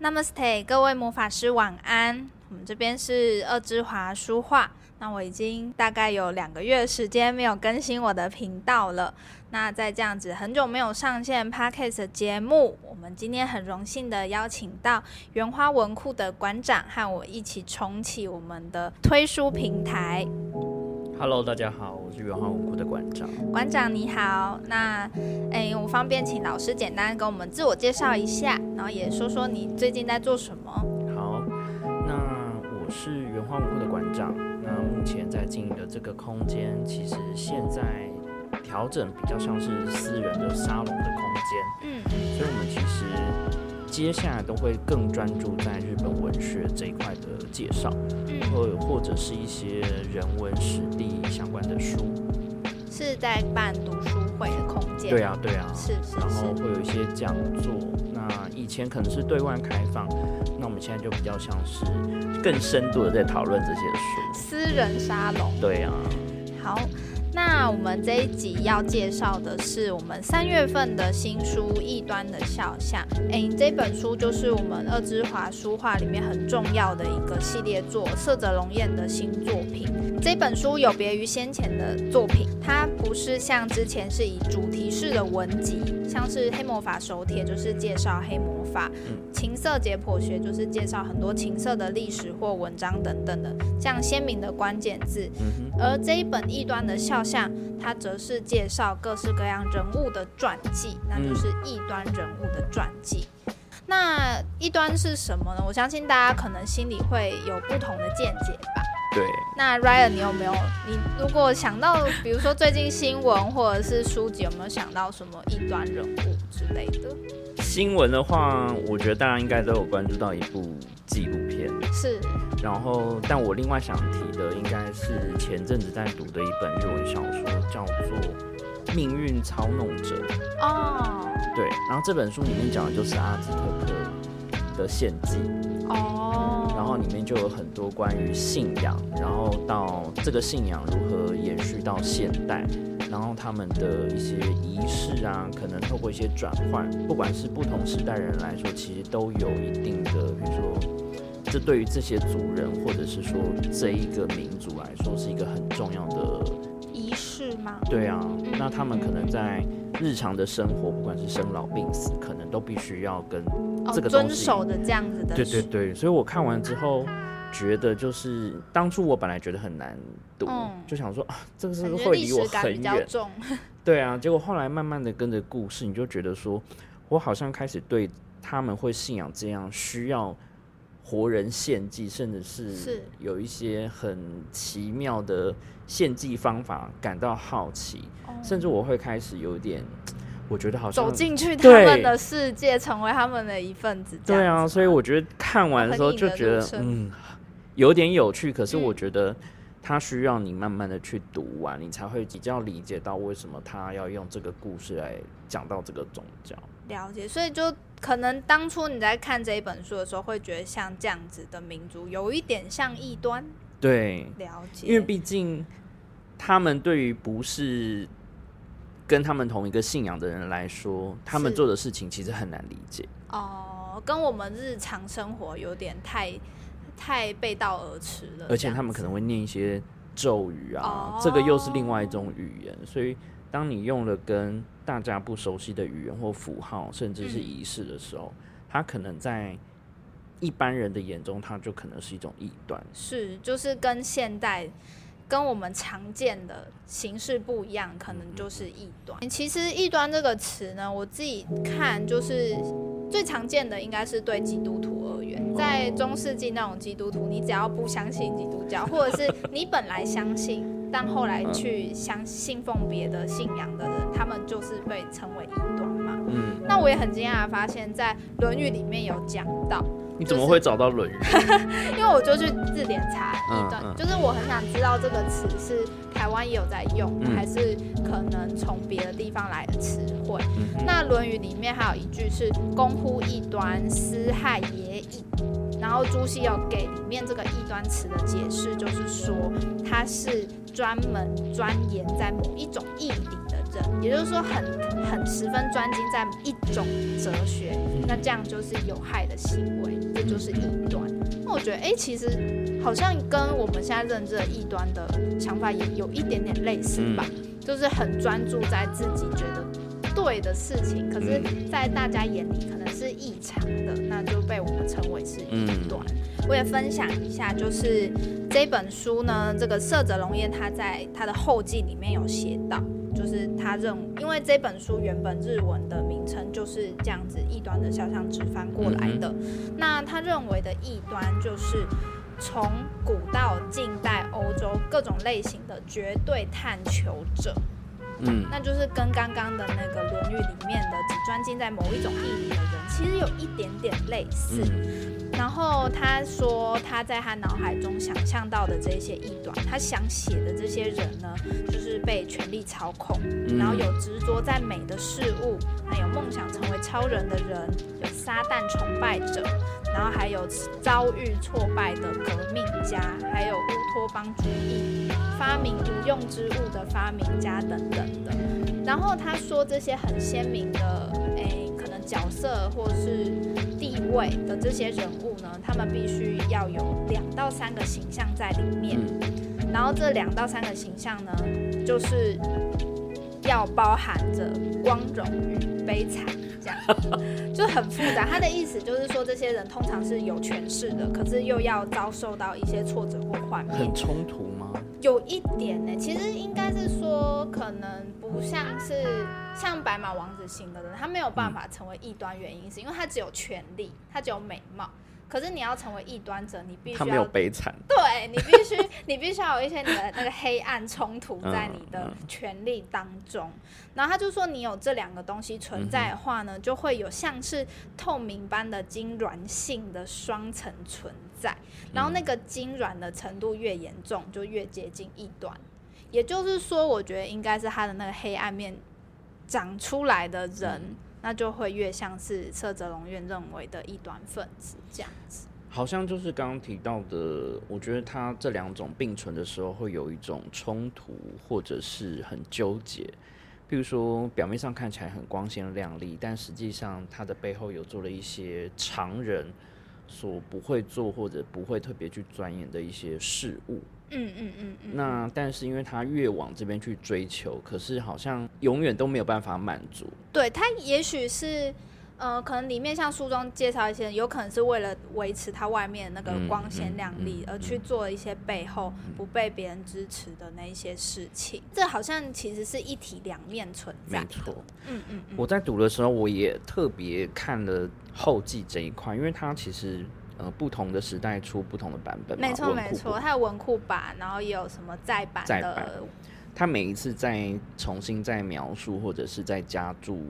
Namaste，各位魔法師晚安。我們這邊是惡之華書話。那我已經大概有兩個月時間沒有更新我的頻道了。那在這樣子很久沒有上線 podcast 的節目，我們今天很榮幸的邀請到櫞椛文庫的館長和我一起重啟我們的推書平台。Hello，大家好，我是櫞椛文庫的館長。館長你好，那哎，我、欸、方便請老師簡單跟我們自我介紹一下，然後也說說你最近在做什麼。好，那我是櫞椛文庫的館長，那目前在經營的這個空間其實現在調整比較像是私人的沙龍的空間，嗯，所以我們其實。接下來都會更專注在日本文學這一塊的介紹，嗯，或者是一些人文史地相關的書，是在辦讀書會的空間。對啊，對啊，是是。是是然後會有一些講座。那以前可能是對外開放，那我們現在就比較像是更深度的在討論這些書。私人沙龍。對啊。好。我們這一集要介紹的是我們三月份的新書《異端的肖像》。哎，這本書就是我們惡之華書話裡面很重要的一個系列作，澀澤龍彥的新作品。這本書有別於先前的作品，它不是像之前是以主題式的文集，像是《黑魔法手帖》就是介紹黑魔法，嗯，《情色解剖學》就是介紹很多情色的歷史或文章等等的，這樣鮮明的關鍵字。嗯哼。而這一本《異端的肖像》，它則是介紹各式各樣人物的傳記，那就是異端人物的傳記。嗯。那異端是什麼呢？我相信大家可能心裡會有不同的見解吧。對，那 Ryan，你有沒有？你如果想到，比如說最近新聞或者是書籍，有沒有想到什麼異端人物之類的？新聞的話，我覺得大家應該都有關注到一部紀錄片，是。然後，但我另外想提的，應該是前陣子在讀的一本日文小說，叫做《命運操弄者》哦。Oh. 對，然後這本書裡面講的就是阿茲特克的獻祭。哦，oh. 然後裡面就有很多關於信仰，然後到這個信仰如何延續到現代，然後他們的一些儀式啊，可能透過一些轉換，不管是不同時代人來說，其實都有一定的，比如說，這對於這些族人或者是說這一個民族來說，是一個很重要的儀式嗎？對啊，那他們可能在。日常的生活，不管是生老病死，可能都必須要跟這個東西，哦、遵守的這樣子的。對對對，所以我看完之後，覺得就是當初我本來覺得很難讀，嗯、就想說啊，這個是不是會離我很遠？感覺歷史感比較重。對啊，結果後來慢慢的跟着故事，你就覺得說我好像開始對他們會信仰這樣需要。活人獻祭，甚至是有一些很奇妙的獻祭方法，是感到好奇，哦、甚至我會開始有點，我覺得好像走進去他們的世界，對成為他們的一份子，子。對啊，所以我覺得看完的時候就覺得，啊就是、嗯，有點有趣。可是我覺得。嗯他需要你慢慢的去讀完啊，你才會比較理解到為什麼他要用這個故事來講到這個宗教。了解，所以就可能當初你在看這一本書的時候，會覺得像這樣子的民族有一點像異端。對，了解。因為畢竟他們對於不是跟他們同一個信仰的人來說，是他們做的事情其實很難理解。哦，跟我們日常生活有點太。太背道而馳了，而且他們可能會念一些咒語啊，oh、這個又是另外一種語言，所以當你用了跟大家不熟悉的語言或符號，甚至是儀式的時候，嗯、它可能在一般人的眼中，它就可能是一種異端。是，就是跟現代跟我們常見的形式不一樣，可能就是異端。其實“異端”這個詞呢，我自己看就是。最常見的應該是對基督徒而言，在中世紀那種基督徒，你只要不相信基督教，或者是你本來相信但後來去相信奉別的信仰的人，他們就是被稱為異端嘛。嗯，那我也很驚訝地發現，在《論語》裡面有講到。你怎麼會找到《論語》就是？因為我就去字典查異端，就是我很想知道這個詞是台灣也有在用，嗯、還是可能從別的地方來的詞彙。嗯、哼那《論語》裡面還有一句是“攻乎異端，斯害也已”。然後朱熹有給裡面這個“異端”詞的解釋，就是說它是專門鑽研在某一種意義裡的。也就是說很，很很十分專精在一種哲學，那這樣就是有害的行為，這就是異端。那我覺得，哎、欸，其實好像跟我們現在認知的異端的想法也有一點點類似吧，嗯、就是很專注在自己覺得對的事情，可是，在大家眼裡可能是異常的，那就被我們稱為是異端。嗯、我也分享一下，就是這本書呢，這個《澀澤龍彥》，它在它的後記裡面有寫到。就是他認為，因為這本書原本日文的名稱就是這樣子，異端的肖像直翻過來的。嗯嗯，那他認為的異端，就是從古到近代歐洲各種類型的絕對探求者。嗯，那就是跟剛剛的那個《論語》裡面的只專精在某一種意義的人，其實有一點點類似。嗯、然後他說他在他腦海中想象到的這些異端，他想寫的這些人呢，就是被權力操控，然後有執着在美的事物，那有夢想成為超人的人，有撒旦崇拜者。然後還有遭遇挫敗的革命家，還有烏托邦主義、發明無用之物的發明家等等的。然後他說，這些很鮮明的誒，可能角色或是地位的這些人物呢，他們必須要有兩到三個形象在裡面。然後這兩到三個形象呢，就是。要包含着光榮與悲慘，這樣就很複雜。他的意思就是說，這些人通常是有權勢的，可是又要遭受到一些挫折或壞。很衝突嗎？有一點呢、欸，其實應該是說，可能不像是像白馬王子型的人，他沒有辦法成為異端，原因是因為他只有權力，他只有美貌。可是你要成為異端者，你必須要悲慘。對，你必須，你必須 要有一些你的那個黑暗衝突在你的權利當中。嗯嗯、然後他就說，你有這兩個東西存在的話呢，嗯、哼就會有像是透明般的晶軟性的雙層存在。嗯、然後那個晶軟的程度越嚴重，就越接近異端。也就是說，我覺得應該是他的那個黑暗面長出來的人。嗯那就會越像是澀澤龍彥認為的異端分子這樣子。好像就是剛剛提到的，我覺得他這兩種並存的時候，會有一種衝突或者是很糾結。譬如說，表面上看起來很光鮮亮麗，但實際上他的背後有做了一些常人所不會做或者不會特別去鑽研的一些事物。嗯嗯嗯嗯，嗯嗯嗯，那但是因為他越往這邊去追求，可是好像永遠都沒有辦法滿足。對，他也許是，呃，可能裡面像書中介紹一些，有可能是為了維持他外面那個光鮮亮麗、嗯嗯嗯、而去做一些背後不被別人支持的那一些事情。嗯、這好像其實是一體兩面存在。沒錯、嗯，嗯嗯嗯，我在讀的時候，我也特別看了後記這一塊，哦、因為他其實。呃，不同的時代出不同的版本，沒錯沒錯，他有文庫版，然後也有什麼再版的。再版他每一次再重新再描述，或者是再加注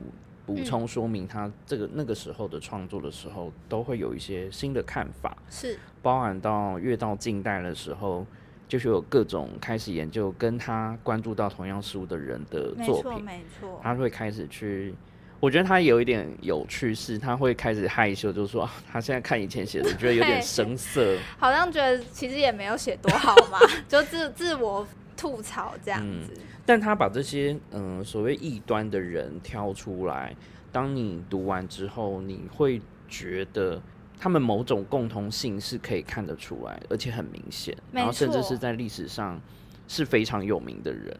補充說明，他這個那個時候的創作的時候，都會有一些新的看法。是、嗯、包含到越到近代的時候，就是有各種開始研究跟他關注到同樣事物的人的作品，沒錯沒錯，他會開始去。我覺得他有一點有趣，是他會開始害羞，就是說、啊、他現在看以前寫的，對覺得有點生澀，好像覺得其實也沒有寫多好嘛， 就自自我吐槽這樣子。嗯、但他把這些嗯所謂異端的人挑出來，當你讀完之後，你會覺得他們某種共同性是可以看得出來，而且很明顯，錯然後甚至是在歷史上是非常有名的人。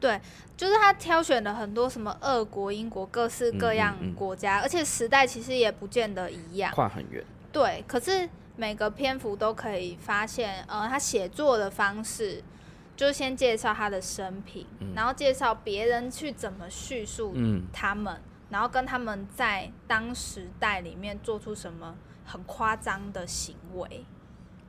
對，就是他挑選了很多什麼俄國、英國，各式各樣國家，嗯嗯、而且時代其實也不見得一樣，跨很遠。對，可是每個篇幅都可以發現，呃，他寫作的方式就先介紹他的生平，嗯、然後介紹別人去怎麼敘述他們，嗯、然後跟他們在當時代裡面做出什麼很誇張的行為。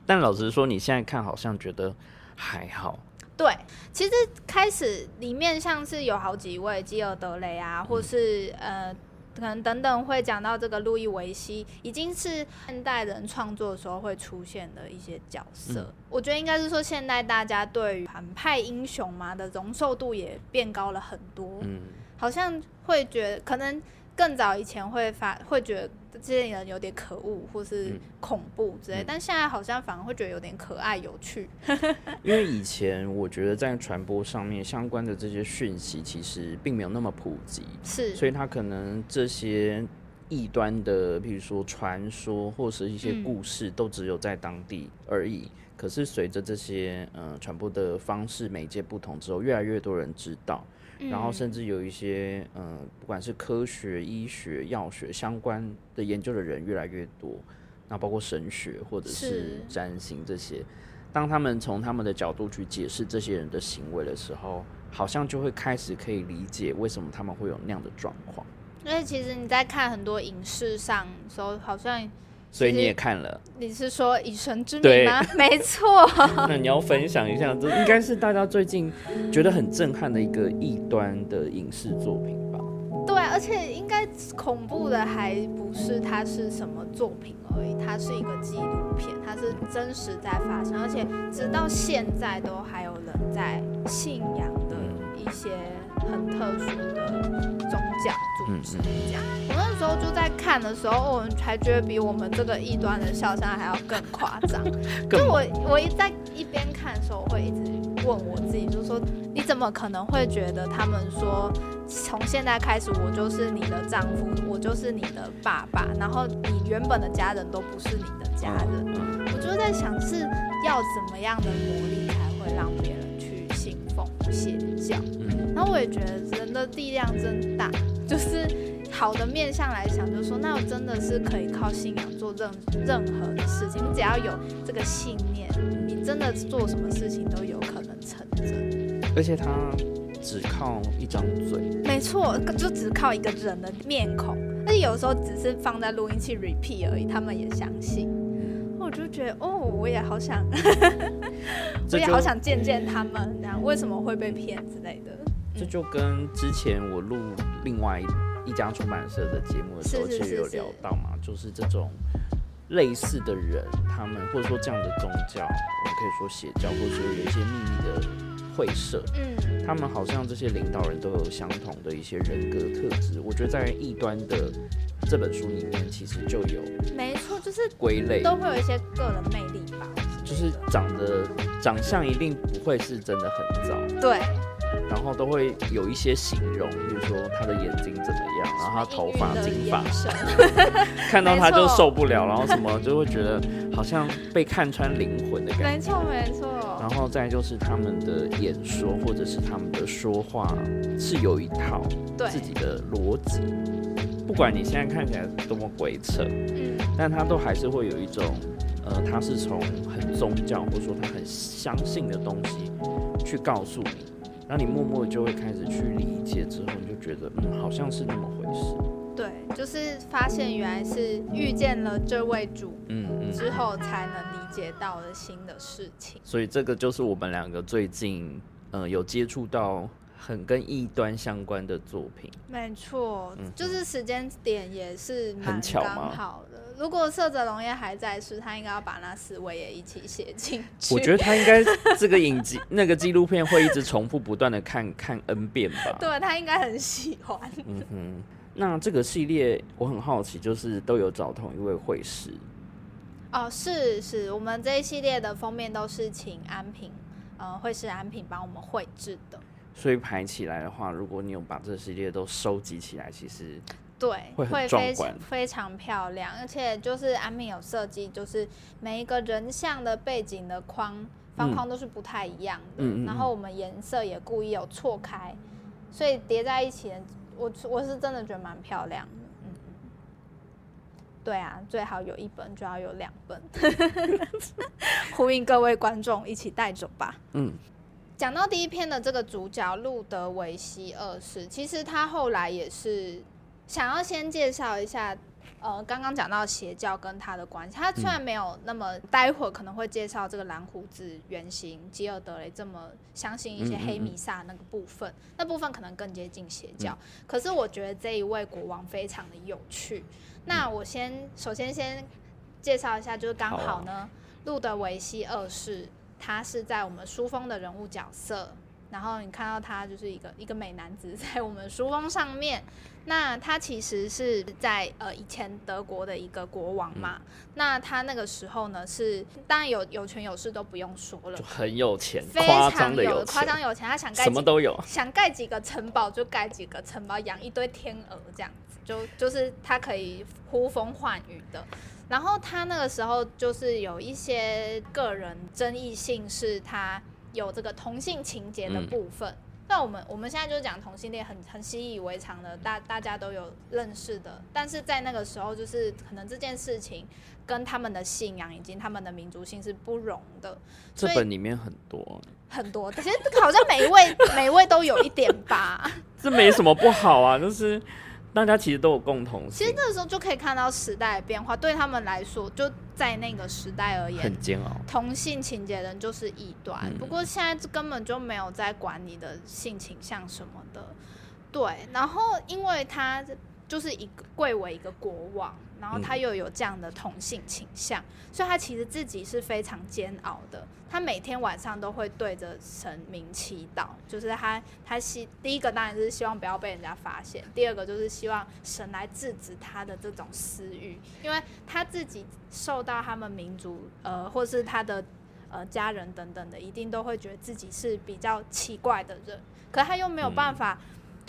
但老實說，你現在看好像覺得還好。對，其實開始裡面像是有好幾位吉爾德雷啊，嗯、或是呃，可能等等會講到這個路德維希，已經是現代人創作的時候會出現的一些角色。嗯、我覺得應該是說，現代大家對於反派英雄嘛的容受度也變高了很多。嗯，好像會覺得可能。更早以前會發會覺得這些人有點可惡或是恐怖之類，嗯嗯、但現在好像反而會覺得有點可愛有趣。因為以前我覺得在傳播上面相關的這些訊息其實並沒有那麼普及，是，所以他可能這些異端的，譬如說傳說或是一些故事，都只有在當地而已。嗯嗯可是隨着這些嗯、呃、傳播的方式媒介不同之後，越來越多人知道，嗯、然後甚至有一些嗯、呃、不管是科學、醫學、藥學相關的研究的人越來越多，那包括神學或者是占星這些，是當他們從他們的角度去解釋這些人的行為的時候，好像就會開始可以理解為什麼他們會有那樣的狀況。因為其實你在看很多影視上時候，好像。所以你也看了？你是說以神之名嗎？對 沒錯 錯。 那你要分享一下，這應該是大家最近覺得很震撼的一個異端的影視作品吧？對，而且應該恐怖的還不是它是什麼作品而已，它是一個紀錄片，它是真實在發生，而且直到現在都還有人在信仰的一些很特殊的宗教。嗯，的、嗯。家我那時候就在看的時候，我們才覺得比我們這個異端的肖像還要更誇張。猛就我，我一在一邊看的時候，會一直問我自己，就是說，你怎麼可能會覺得他們說，從現在開始，我就是你的丈夫，我就是你的爸爸，然後你原本的家人都不是你的家人？嗯、我就在想，是要怎麼樣的魔力才會讓別人去信奉邪教？然後我也覺得人的力量真大。就是好的面相來講，就是說，那我真的是可以靠信仰做任任何的事情，你只要有這個信念，你真的做什麼事情都有可能成真。而且他只靠一張嘴，沒錯，就只靠一個人的面孔，而且有時候只是放在錄音器 repeat 而已，他們也相信。我就覺得哦，我也好想， 我也好想見見他們，然後就、啊、為什麼會被騙之類的。這就跟之前我錄另外一，一家出版社的節目的時候，是是是是其實有聊到嘛，就是這種類似的人，他們或者說這樣的宗教，我們可以說邪教，或者說有一些秘密的會社，嗯，他們好像這些領導人都有相同的一些人格特質。我覺得在《異端》的這本書裡面，其實就有沒錯，就是歸類都會有一些個人魅力吧，是就是長得長相一定不會是真的很糟，對。然後都會有一些形容，比如說他的眼睛怎麼樣，然後他頭髮金髮， 看到他就受不了，錯然後什麼就會覺得好像被看穿靈魂的感覺。沒錯沒錯。沒錯然後再就是他們的演說或者是他們的說話是有一套自己的邏輯，對不管你現在看起來多麼鬼扯，但他都還是會有一種，呃，他是從很宗教或者說他很相信的東西去告訴你。然後你默默就會開始去理解，之後你就覺得，嗯，好像是那麼回事。對，就是發現原來是遇見了這位主，嗯，之後才能理解到的新的事情。所以這個就是我們兩個最近，嗯、呃，有接觸到。很跟異端相關的作品，沒錯錯，嗯、哼就是時間點也是很巧好的。如果《澀澤龍彥》還在，是他應該要把那四位也一起寫進去。我覺得他應該這個影集， 那個紀錄片會一直重複不斷的看看 n 遍吧。對，他應該很喜歡。嗯哼，那這個系列我很好奇，就是都有找同一位繪師？哦，是是，我們這一系列的封面都是請安平，呃，繪師安平幫我們繪製的。所以排起來的話，如果你有把這系列都收集起來，其實會很壯觀。對，會非常非常漂亮。而且就是阿敏有設計，就是每一個人像的背景的框方框都是不太一樣的，嗯、然後我們顏色也故意有錯開，嗯嗯嗯，所以疊在一起，我我是真的覺得蠻漂亮的。嗯，嗯，對啊，最好有一本，就要有兩本， 呼應各位觀眾一起帶走吧。嗯。講到第一篇的這個主角路德維希二世，其實他後來也是想要先介紹一下，呃，剛剛講到邪教跟他的關係。他雖然沒有那麼，嗯、待會兒可能會介紹這個藍胡子原型吉爾德雷這麼相信一些黑彌撒那個部分，嗯嗯嗯那部分可能更接近邪教。嗯、可是我覺得這一位國王非常的有趣。那我先首先先介紹一下，就是剛好呢，好路德維希二世。他是在我們書封的人物角色，然後你看到他就是一個一個美男子在我們書封上面。那他其實是在呃以前德國的一個國王嘛。嗯、那他那個時候呢是當然有有權有勢都不用說了，就很有錢，非常有誇張有，有錢。他想蓋什麼都有，想蓋幾個城堡就蓋幾個城堡，養一堆天鵝這樣子，就就是他可以呼風喚雨的。然後他那個時候就是有一些個人爭議性，是他有這個同性情結的部分。嗯、那我們我們現在就講同性戀很，很很習以為常的，大大家都有認識的。但是在那個時候，就是可能這件事情跟他們的信仰以及他們的民族性是不容的。這本裡面很多以很多，其實好像每一位 每一位都有一點吧。這沒什麼不好啊， 就是。大家其實都有共同性。其實那個時候就可以看到時代的變化，對他們來說，就在那個時代而言，很煎熬。同性情節的人就是異端，嗯、不過現在根本就沒有在管你的性傾向什麼的，對。然後，因為他。就是一個貴為一個國王，然後他又有這樣的同性傾向，嗯、所以他其實自己是非常煎熬的。他每天晚上都會對着神明祈禱，就是他他希第一個當然是希望不要被人家發現，第二個就是希望神來制止他的這種私欲，因為他自己受到他們民族呃或是他的呃家人等等的，一定都會覺得自己是比較奇怪的人，可他又沒有辦法。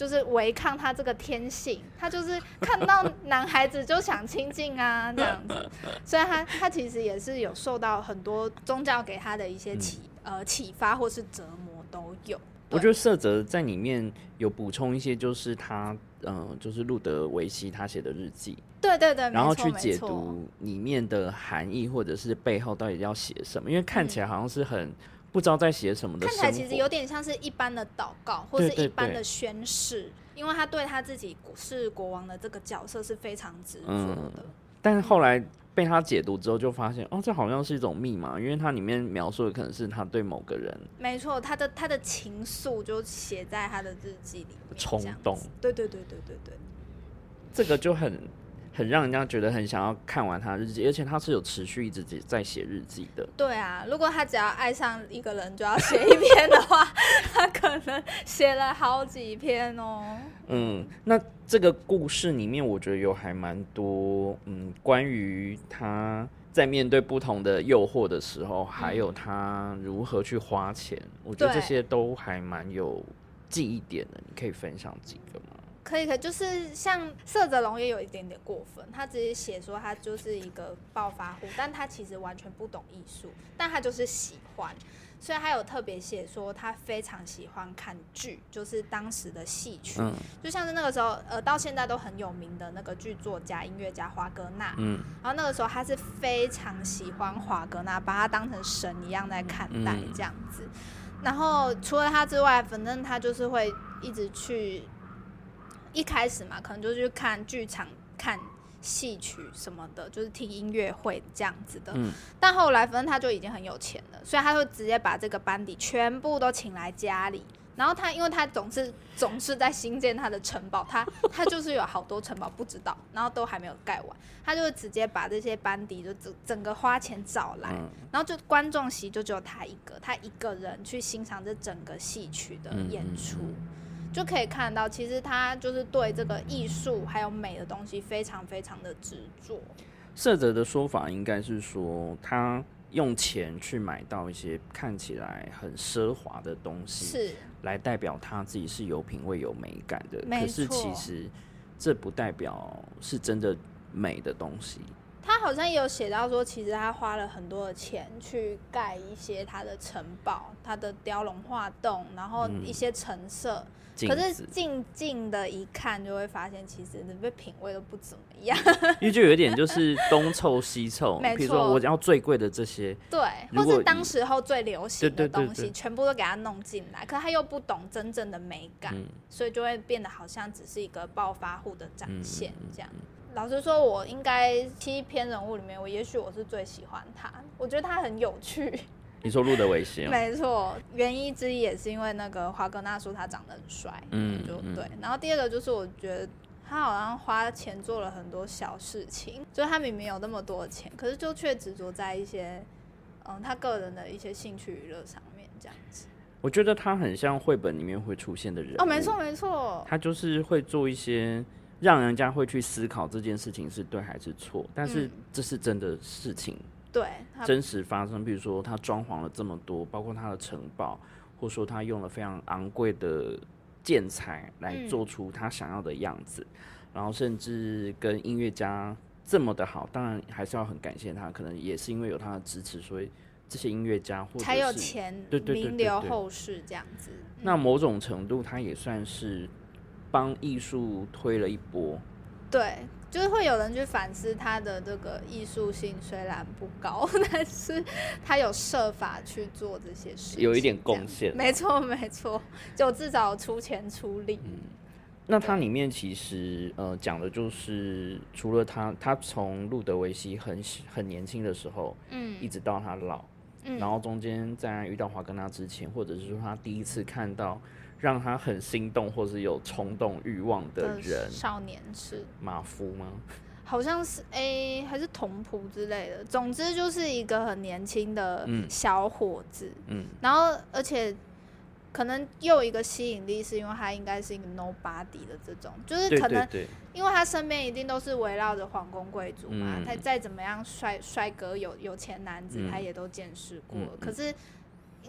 就是違抗他這個天性，他就是看到男孩子就想親近啊，這樣子。所以他他其實也是有受到很多宗教給他的一些啟、嗯、呃啟發或是折磨都有。我覺得澀澤在裡面有補充一些，就是他嗯、呃，就是路德維希他寫的日記，對對對，然後去解讀裡面的含義或者是背後到底要寫什麼，因為看起來好像是很。嗯不知道在寫什麼的，看起來其實有點像是一般的禱告，或是一般的宣誓。對對對，因為他對他自己是國王的這個角色是非常執着的，嗯。但是後來被他解讀之後，就發現、嗯、哦，這好像是一種密碼，因為它裡面描述的可能是他對某個人。沒錯，他的他的情愫就寫在他的日記裡，衝動。對，對對對對對對，這個就很。 很讓人家覺得很想要看完他的日記，而且他是有持續一直在寫日記的。對啊，如果他只要愛上一個人就要寫一篇的話， 他可能寫了好幾篇哦。嗯，那這個故事裡面，我覺得有還蠻多，嗯，關於他在面對不同的誘惑的時候，還有他如何去花錢，嗯，我覺得這些都還蠻有記憶點的。你可以分享幾個嗎？可以，可以。就是像澀澤龍彥也有一點點過分。他直接寫說他就是一個暴發戶，但他其實完全不懂藝術，但他就是喜歡。所以他有特別寫說他非常喜歡看劇，就是當時的戲曲，就像是那個時候呃到現在都很有名的那個劇作家、音樂家華格納。嗯，然後那個時候他是非常喜歡華格納，把他當成神一樣在看待這樣子。然後除了他之外，反正他就是會一直去。一開始嘛，可能就是看劇場、看戲曲什麼的，就是聽音樂會這樣子的。嗯。但後來，反正他就已經很有錢了，所以他就直接把這個班底全部都請來家裡。然後他，因為他總是總是在新建他的城堡，他他就是有好多城堡， 不知道，然後都還沒有蓋完，他就會直接把這些班底就整整個花錢找來，嗯。然後就觀眾席就只有他一個，他一個人去欣賞這整個戲曲的演出。嗯嗯嗯。就可以看到，其實他就是對這個藝術還有美的東西非常非常的執着。澀澤的說法應該是說，他用錢去買到一些看起來很奢華的東西，是來代表他自己是有品味、有美感的。沒錯。可是其實這不代表是真的美的東西。他好像也有寫到說，其實他花了很多的錢去蓋一些他的城堡、他的雕龍畫棟，然後一些橙色。嗯。可是靜靜的一看，就會發現其實你的品味都不怎麼樣，因為就有點就是東湊西湊，沒錯，比 如說我想要最貴的這些，對，或是當時候最流行的東西，全部都給他弄進來，對對對對，可他又不懂真正的美感，嗯、所以就會變得好像只是一個暴發戶的展現這樣。嗯嗯嗯嗯，老實說，我應該七篇人物裡面，我也許我是最喜歡他，我覺得他很有趣。你說路德維希、哦、沒錯，原因之一也是因為那個華格納說他長得很帥，嗯，就對。然後第二個就是我覺得他好像花錢做了很多小事情，就是他明明有那麼多錢，可是就卻執着在一些，嗯，他個人的一些興趣娛樂上面這樣子。我覺得他很像繪本裡面會出現的人哦，沒錯沒錯，他就是會做一些讓人家會去思考這件事情是對還是錯，但是這是真的事情。嗯對，真實發生，比如說他裝潢了這麼多，包括他的城堡，或者說他用了非常昂貴的建材來做出他想要的樣子，嗯、然後甚至跟音樂家這麼的好，當然還是要很感謝他，可能也是因為有他的支持，所以這些音樂家或者是才有錢，對對對，名留後世這樣子。嗯、對對對對對，那某種程度，他也算是幫藝術推了一波。對。就是會有人去反思他的這個藝術性雖然不高，但是他有設法去做這些事情這，有一點貢獻。沒錯，沒錯，就至少出錢出力。嗯、對那它裡面其實呃講的就是，除了他，他從路德維希很很年輕的時候，嗯，一直到他老，嗯，然後中間在遇到華格納之前，或者是說他第一次看到。讓他很心動或是有衝動慾望的人，呃、少年是馬夫嗎？好像是哎、欸，還是童僕之類的。總之就是一個很年輕的小伙子。嗯，然後而且可能又有一個吸引力是因為他應該是一個 nobody 的這種，就是可能對對對，因為他身邊一定都是圍繞着皇宮貴族嘛。嗯、他再怎麼樣帥帥哥有，有有錢男子，他也都見識過。嗯、可是。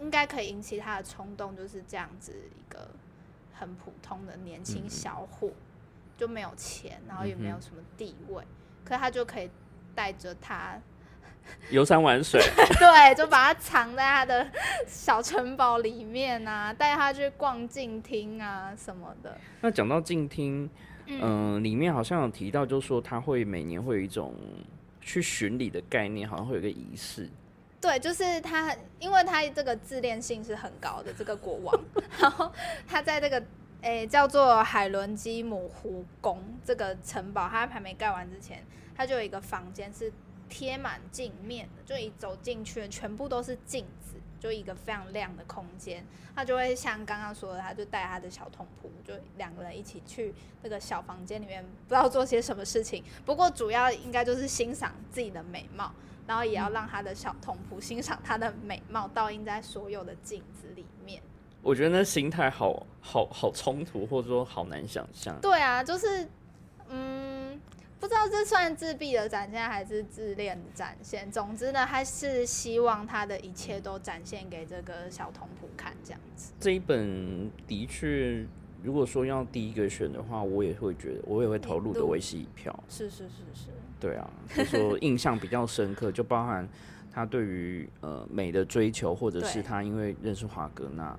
應該可以引起他的衝動，就是這樣子一個很普通的年輕小夥，嗯、哼就沒有錢，然後也沒有什麼地位，嗯、哼可是他就可以帶着他遊山玩水。 對，就把他藏在他的小城堡裡面啊，帶 他去逛鏡廳啊什麼的。那講到鏡廳，嗯、呃，裡面好像有提到，就是說他會每年會有一種去巡禮的概念，好像會有一個儀式。對，就是他，因為他這個自戀性是很高的這個國王， 然後他在這個誒、欸、叫做海倫基姆湖宮這個城堡，他還沒蓋完之前，他就有一個房間是貼滿鏡面的，就一走進去，全部都是鏡子，就一個非常亮的空間。他就會像剛剛說的，他就帶他的小童僕，就兩個人一起去那個小房間裡面，不知道做些什麼事情。不過主要應該就是欣賞自己的美貌。然後也要讓他的小童僕欣賞他的美貌，倒映在所有的鏡子裡面。我覺得那心態好好好衝突，或者說好難想象。對啊，就是嗯，不知道是算自閉的展現還是自戀的展現。總之呢，還是希望他的一切都展現給這個小童僕看，這樣子。這一本的確。如果說要第一個選的話，我也會覺得，我也會投入的，維希一票。是是是是，對啊，就說印象比較深刻，就包含他對於呃美的追求，或者是他因為認識華格納，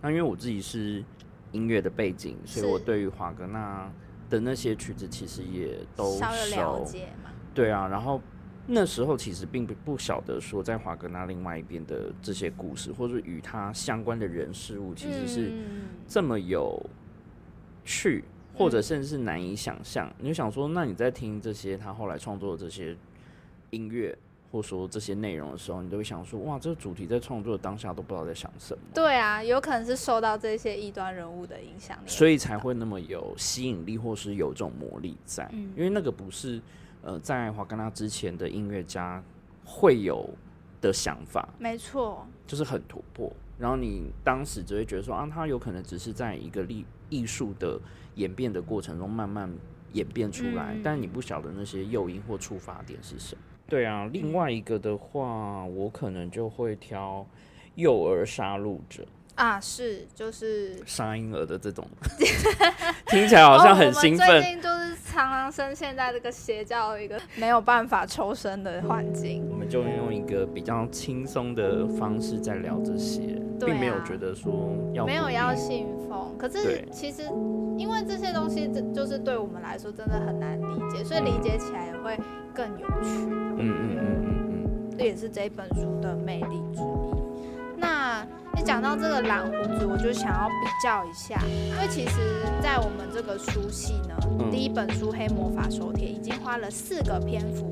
那因為我自己是音樂的背景，所以我對於華格納的那些曲子其實也都熟。了解嘛。對啊，然後那時候其實並不不曉得說，在華格納另外一邊的這些故事，或者與他相關的人事物，其實是這麼有。去，或者甚至是難以想象。嗯、你就想說，那你在聽這些他後來創作的這些音樂，或者說這些內容的時候，你都會想說，哇，這個主題在創作當下都不知道在想什麼。對啊，有可能是受到這些異端人物的影響，所以才會那麼有吸引力，或是有這種魔力在。嗯、因為那個不是呃，在華格納之前的音樂家會有的想法。沒錯錯，就是很突破。然後你當時只會覺得說，啊，他有可能只是在一個例。藝術的演變的過程中，慢慢演變出來，嗯嗯，但你不曉得那些誘因或觸發點是什麼？對啊，另外一個的話，我可能就會挑幼兒殺戮者啊，是就是殺嬰兒的這種， 聽起來好像很興奮。 哦、最近就是常常深陷在這個邪教一個沒有辦法抽身的環境。哦就用一個比較輕鬆的方式在聊這些，對啊、並沒有覺得說要沒有要信奉，可是其實因為這些東西這，這就是對我們來說真的很難理解，所以理解起來也會更有趣。嗯嗯嗯嗯嗯，這也是這一本書的魅力之一。那一講到這個藍胡子，我就想要比較一下，因為其實，在我們這個書系呢，嗯、第一本書《黑魔法手帖》已經花了四個篇幅。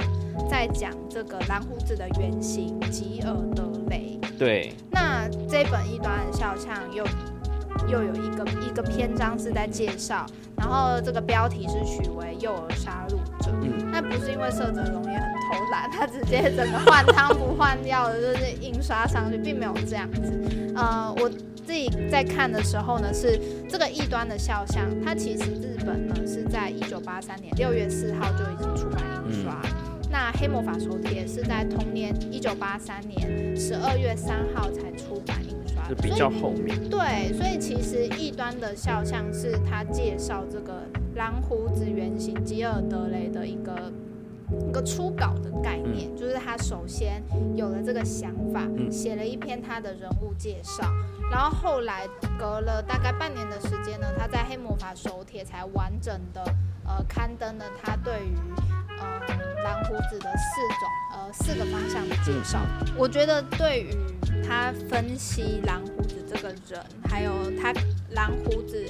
在講這個藍鬍子的原型吉爾德雷。對。那這一本異端的肖像又又有一個一個篇章是在介紹，然後這個標題是取為幼兒殺戮者。那、嗯、不是因為澀澤龍彥很偷懶，他直接整個換湯不換藥的，就是印刷上去， 並沒有這樣子。呃，我自己在看的時候呢，是這個異端的肖像，它其實日本呢是在一九八三年六月四號就已經出版印刷。嗯那《黑魔法手帖》是在同年一九八三年十二月三號才出版印刷的，是比較後面。對，所以其實異端的肖像是他介紹這個藍胡子原型吉爾德雷的一個一個初稿的概念，嗯、就是他首先有了這個想法，嗯、寫了一篇他的人物介紹，然後後來隔了大概半年的時間呢，他在《黑魔法手帖》才完整的呃刊登了他對於呃。藍鬍子的四種，呃，四個方向的介紹。我覺得對於他分析藍鬍子這個人，還有他藍鬍子，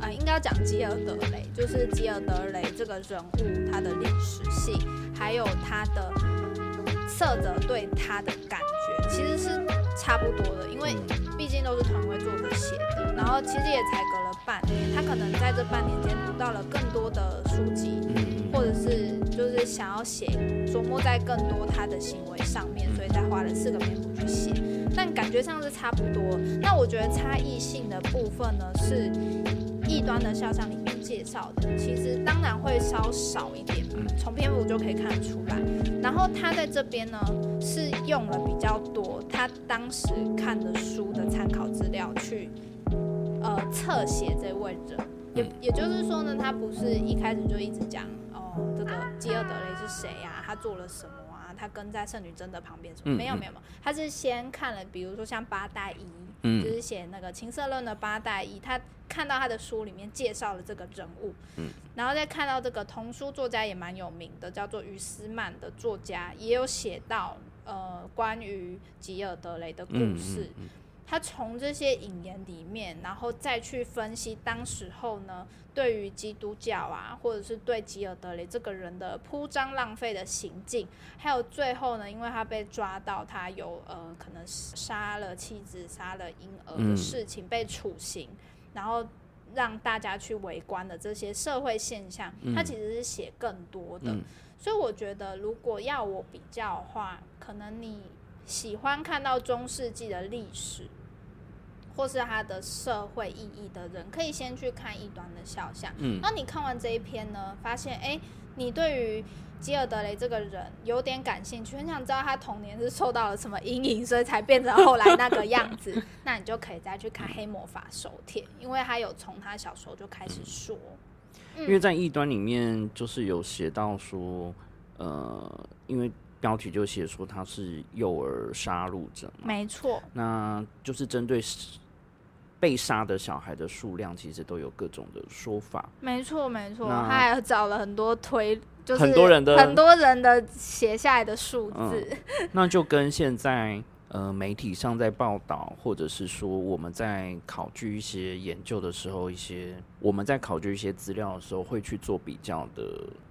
呃，應該要講吉爾德雷，就是吉爾德雷這個人物，他的歷史性，還有他的澀澤對他的感覺，其實是。差不多的，因為畢竟都是團委作者寫的，然後其實也才隔了半年，他可能在這半年間讀到了更多的書籍，或者是就是想要寫，琢磨在更多他的行為上面，所以才花了四個年頭去寫，但感覺上是差不多。那我覺得差異性的部分呢是。異端的肖像裡面介紹的，其實當然會稍少一點嘛。從篇幅就可以看得出來。然後他在這邊呢，是用了比較多他當時看的書的參考資料去，呃，側寫這位人。嗯、也也就是說呢，他不是一開始就一直講哦、呃，這個吉爾德雷是誰呀、啊？他做了什麼啊？他跟在聖女貞德旁邊什麼？嗯、沒有沒有沒有，他是先看了，比如說像巴代伊。嗯，就是寫那個《情色論》的巴塔耶，他看到他的書裡面介紹了這個人物，嗯，然後再看到這個童書作家也蠻有名的，叫做於斯曼的作家，也有寫到呃關於吉爾德雷的故事。嗯嗯嗯他從這些引言裡面，然後再去分析當時候呢，對於基督教啊，或者是對吉爾德雷這個人的鋪張浪費的行徑，還有最後呢，因為他被抓到，他有呃可能殺了妻子、殺了嬰兒的事情，嗯，被處刑，然後讓大家去圍觀的這些社會現象，嗯，他其實是寫更多的。嗯，所以我覺得，如果要我比較的話，可能你喜歡看到中世紀的歷史。或是他的社會意義的人，可以先去看異端的肖像。嗯，那你看完這一篇呢，發現哎、欸，你對於吉爾德雷這個人有點感興趣，很想知道他童年是受到了什麼陰影，所以才變成後來那個樣子。 那你就可以再去看《黑魔法手帖》，因為他有從他小時候就開始說。嗯、因為在異端裡面，就是有寫到說，呃，因為標題就寫說他是幼兒殺戮者，沒錯錯，那就是針對。被殺的小孩的數量其實都有各種的說法，沒錯沒錯，那他還找了很多推，就是很多人的寫下來的數字，嗯、 那就跟現在呃媒體上在報道，或者是說我們在考據一些研究的時候，一些我們在考據一些資料的時候，會去做比較的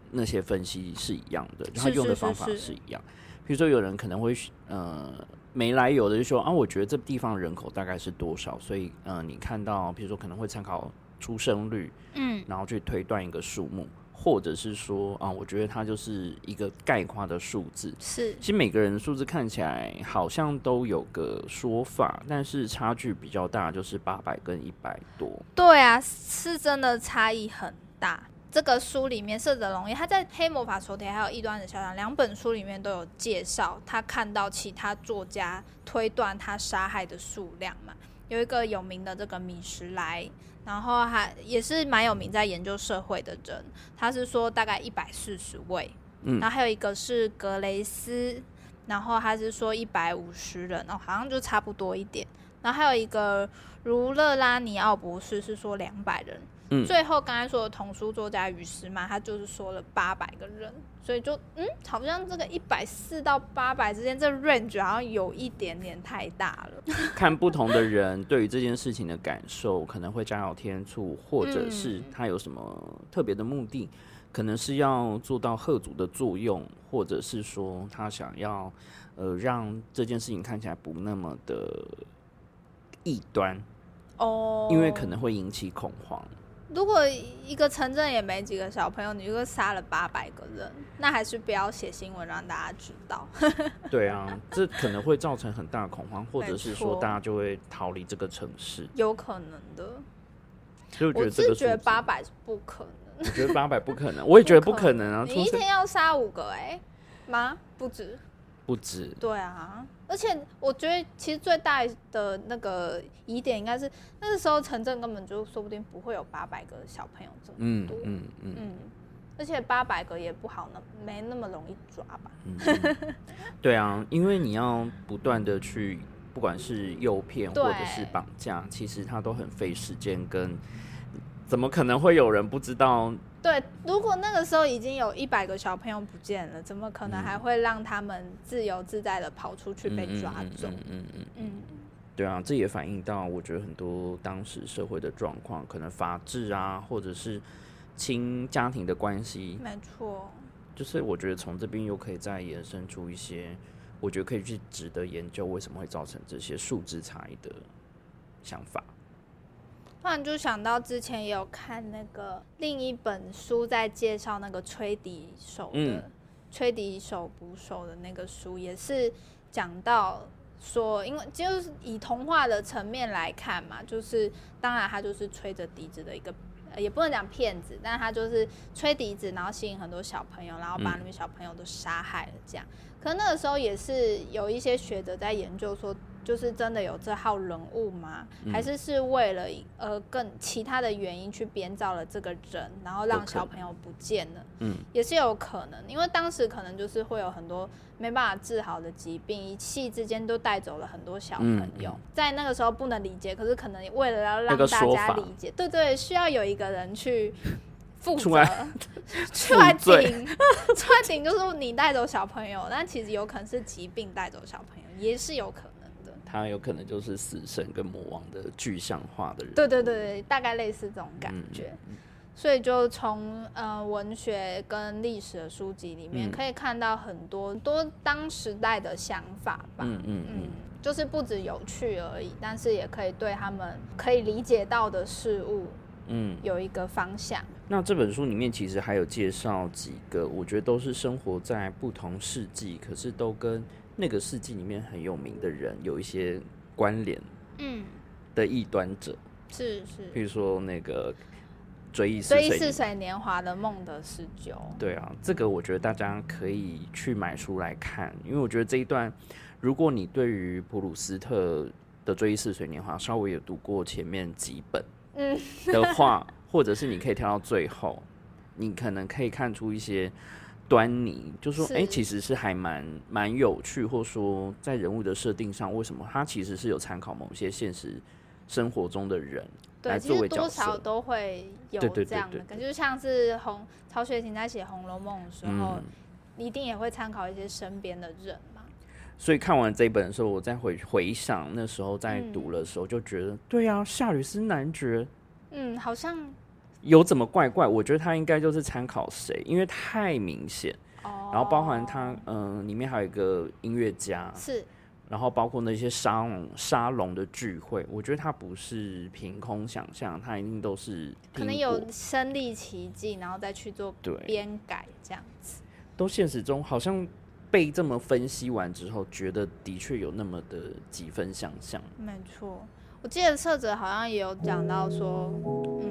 那些分析是一樣的，他用的方法是一樣的，比如說有人可能會呃。沒來由的就是說啊，我覺得這地方人口大概是多少？所以嗯、呃，你看到比如說可能會參考出生率，嗯，然後去推斷一個數目，或者是說啊，我覺得它就是一個概括的數字。是，其實每個人數字看起來好像都有個說法，但是差距比較大，就是八百跟一百多。對啊，是真的差異很大。這個書裡面，澀澤龍彥他在《黑魔法手帖》還有《異端的肖像》兩本書裡面都有介紹，他看到其他作家推斷他殺害的數量嘛。有一個有名的這個米什萊，然後還也是蠻有名在研究社會的人，他是說大概一百四十位。嗯，然後還有一個是格雷斯，然後他是說一百五十人哦，好像就差不多一點。然後還有一個如勒拉尼奧博士是說兩百人。最後剛才說的童書作家於是嘛，他就是說了八百個人，所以就嗯，好像這個一百四到八百之間，這 range 好像有一點點太大了，看不同的人對於這件事情的感受，可能會加油添醋，或者是他有什麼特別的目的，嗯、可能是要做到嚇阻的作用，或者是說他想要呃讓這件事情看起來不那麼的異端哦，因為可能會引起恐慌。如果一個城鎮也沒幾個小朋友，你如果殺了八百個人，那還是不要寫新聞讓大家知道。 對啊，這可能會造成很大的恐慌，錯或者是說大家就會逃離這個城市。有可能的，所以我是覺得八百是不可能。我覺得八百不可能，我也覺得不可能啊！能生你一天要殺五個哎、欸，嗎？不止，不止。對啊。而且我覺得，其實最大的那個疑點應該是，那個時候城鎮根本就說不定不會有八百個小朋友這麼多。嗯嗯嗯。嗯，嗯嗯而且八百個也不好呢，沒那麼容易抓吧。嗯、對啊，因為你要不斷的去，不管是誘騙或者是綁架，對其實它都很費時間。跟怎麼可能會有人不知道？對，如果那個時候已經有一百個小朋友不見了，怎麼可能還會讓他們自由自在的跑出去被抓走？嗯，嗯嗯嗯，嗯嗯嗯對啊，這也反映到我覺得很多當時社會的狀況，可能法治啊，或者是親家庭的關係，沒錯錯。就是我覺得從這邊又可以再延伸出一些，我覺得可以去值得研究為什麼會造成這些數字差異的想法。突然就想到之前也有看那個另一本書，在介紹那個吹笛手的，嗯、吹笛手捕手的那個書，也是講到說，因為就是以童話的層面來看嘛，就是當然他就是吹着笛子的一個，呃、也不能講騙子，但他就是吹笛子，然後吸引很多小朋友，然後把那些小朋友都殺害了這樣。可那個時候也是有一些學者在研究說，就是真的有這號人物嗎？嗯、還是是為了呃更其他的原因去編造了這個人，然後讓小朋友不見了？嗯，也是有可能，因為當時可能就是會有很多沒辦法治好的疾病，一氣之間都帶走了很多小朋友。嗯、在那個時候不能理解，可是可能為了要讓大家理解，對，對對，需要有一個人去。 責出來， 出來頂頂，負罪 出來頂就是你帶走小朋友， 但其實有可能是疾病帶走小朋友，也是有可能的。他，他有可能就是死神跟魔王的具象化的人。對對對，大概類似這種感覺。嗯、所以就從呃文學跟歷史的書籍裡面可以看到很多，嗯，多當時代的想法吧。嗯嗯，嗯，嗯，就是不只有趣而已，但是也可以對他們可以理解到的事物。嗯，有一個方向。那這本書裡面其實還有介紹幾個，我覺得都是生活在不同世紀，可是都跟那個世紀裡面很有名的人有一些關聯。嗯，的異端者是是，譬如說那個《追憶，追憶似水年華》的孟德斯鳩。對啊，這個我覺得大家可以去買書來看，因為我覺得這一段，如果你對於普魯斯特的《追憶似水年華》稍微有讀過前面幾本。 的話，或者是你可以跳到最後，你可能可以看出一些端倪，就說哎是、欸，其實是還蠻蠻有趣，或說在人物的設定上，為什麼他其實是有參考某些現實生活中的人對來作為角色，多少都會有這樣的感覺，對對對對，就是像是紅曹雪芹在寫《紅樓夢》的時候，嗯、你一定也會參考一些身邊的人。所以看完這一本的時候，我再回回想那時候在讀的時候，就覺得對呀、啊，夏呂斯男爵，嗯，好像有怎麼怪怪？我覺得他應該就是參考誰，因為太明顯。哦，然後包含他，嗯，裡面還有一個音樂家是，然後包括那些沙龍沙龍的聚會，我覺得他不是憑空想象，他一定都是可能有身臨其境，然後再去做編改這樣子，都現實中好像。被這麼分析完之後，覺得的確有那麼的幾分相像。沒錯，我記得作者好像也有講到說，嗯，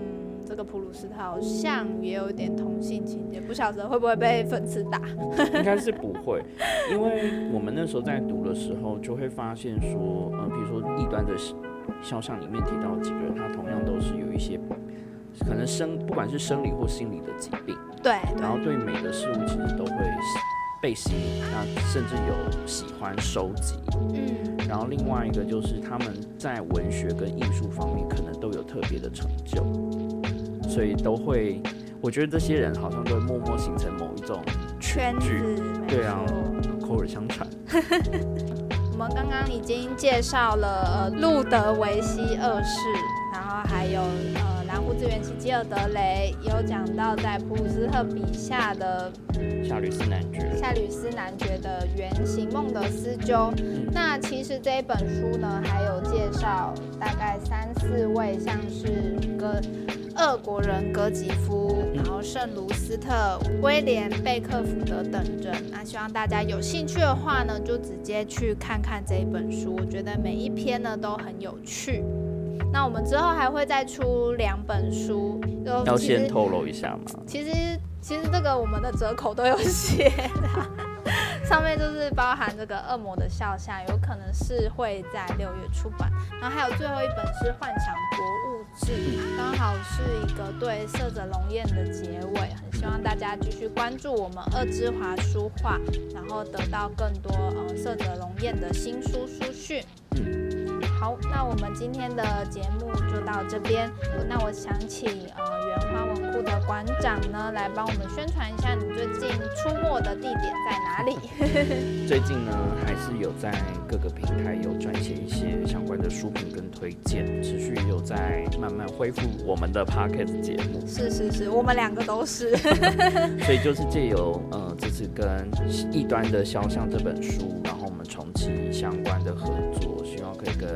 這個普魯斯特好像也有點同性情節，不曉得會不會被粉絲打。應該是不會，因為我們那時候在讀的時候就會發現說，呃，比如說《異端的肖像》裡面提到幾個人，他同樣都是有一些可能生不管是生理或心理的疾病。對。對，然後對美的事物其實都會。背心，那甚至有喜歡收集，嗯，然後另外一個就是他們在文學跟藝術方面可能都有特別的成就，所以都會，我覺得這些人好像都會默默形成某一種圈子，對啊，事口耳相傳。 我們剛剛已經介紹了、呃、路德維希二世，然後還有。呃《源起吉爾德雷》有講到在普魯斯特筆下的夏呂斯男爵。夏呂斯男爵的原型孟德斯鳩。那其實這一本書呢，還有介紹大概三四位，像是跟俄國人格吉夫，嗯、然後聖盧斯特、威廉貝克福德等人。那希望大家有興趣的話呢，就直接去看看這一本書。我覺得每一篇呢都很有趣。那我們之後還會再出兩本書，要先透露一下嗎？其實其實這個我們的折扣都有寫， 上面就是包含這個《惡魔的肖像》，有可能是會在六月出版。然後還有最後一本是《幻想博物志》，剛好是一個對《澀澤龍彥》的結尾，很希望大家繼續關注我們惡之華書話，然後得到更多嗯、呃《澀澤龍彥》的新書書訊。好，那我們今天的節目就到這邊。那我想請，呃，櫞椛文。館長呢，來幫我們宣傳一下你最近出沒的地點在哪裡？最近呢，還是有在各個平台有撰寫一些相關的書評跟推薦，持續有在慢慢恢復我們的 podcast 節目。是是是，我們兩個都是。 所以就是借由呃這次跟異端的肖像這本書，然後我們重啟相關的合作，希望可以跟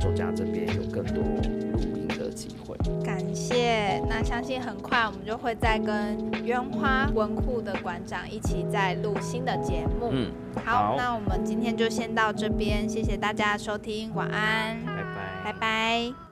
作家這邊有更多機會，感謝。那相信很快我們就會再跟櫞椛文庫的館長一起再錄新的節目。嗯、好。好，那我們今天就先到這邊，謝謝大家收聽，晚安，拜拜，拜拜。